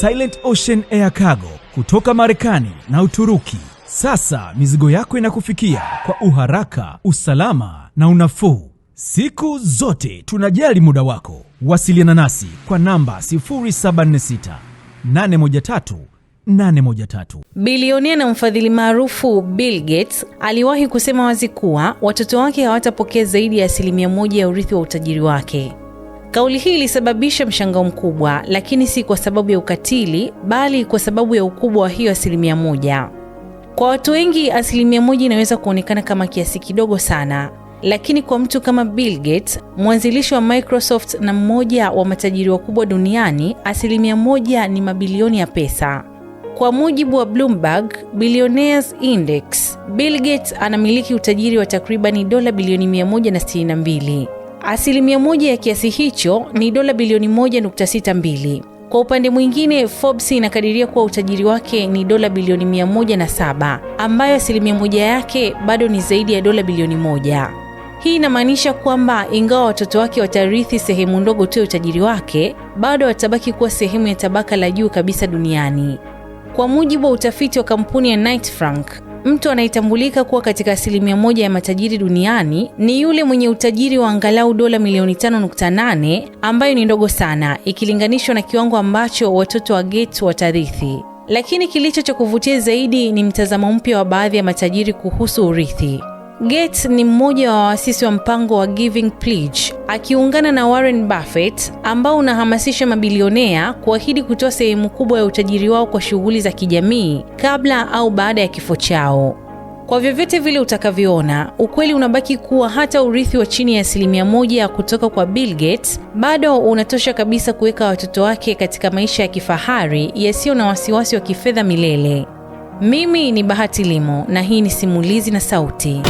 Silent Ocean Air Cargo kutoka Marekani na Uturuki. Sasa mizigo yako inakufikia kwa uharaka, usalama na unafuu. Siku zote tunajali muda wako. Wasiliana nasi kwa namba 076 813 813. Bilionea na mfadhili maarufu Bill Gates aliwahi kusema wazi kuwa watoto wake hawatapokea zaidi ya asilimia moja ya urithi wa utajiri wake. Kauli hii ilisababisha mshangao mkubwa, lakini si kwa sababu ya ukatili, bali kwa sababu ya ukubwa wa hiyo asilimia moja. Kwa watu wengi, asilimia moja inaweza kuonekana kama kiasi kidogo sana, lakini kwa mtu kama Bill Gates, mwanzilishi wa Microsoft na mmoja wa matajiri wakubwa duniani, asilimia moja ni mabilioni ya pesa. Kwa mujibu wa Bloomberg Billionaires Index, Bill Gates anamiliki utajiri wa takribani dola bilioni 162. Asilimia moja ya kiasi hicho ni dola bilioni 1.62. Kwa upande mwingine, Forbes inakadiria kuwa utajiri wake ni dola bilioni 107, ambayo asilimia moja yake bado ni zaidi ya dola bilioni moja. Hii inamaanisha kwamba ingawa watoto wake watarithi sehemu ndogo tu ya utajiri wake, bado watabaki kuwa sehemu ya tabaka la juu kabisa duniani. Kwa mujibu wa utafiti wa kampuni ya Knight Frank, Mtu anayetambulika kuwa katika asilimia moja ya matajiri duniani ni yule mwenye utajiri wa angalau dola milioni 5.8 ambayo ni ndogo sana ikilinganishwa na kiwango ambacho watoto wa Gates watarithi. Lakini kilicho cha kuvutia zaidi ni mtazamo mpya wa baadhi ya matajiri kuhusu urithi. Gates ni mmoja wa waasisi wa mpango wa Giving Pledge akiungana na Warren Buffett ambao unahamasisha mabilionea kuahidi kutoa sehemu kubwa ya utajiri wao kwa shughuli za kijamii kabla au baada ya kifo chao. Kwa vyovyote vile utakavyoona, ukweli unabaki kuwa hata urithi wa chini ya asilimia moja kutoka kwa Bill Gates bado unatosha kabisa kuweka watoto wake katika maisha ya kifahari yasiyo na wasiwasi wa kifedha milele. Mimi ni Bahati Limo na hii ni Simulizi na Sauti.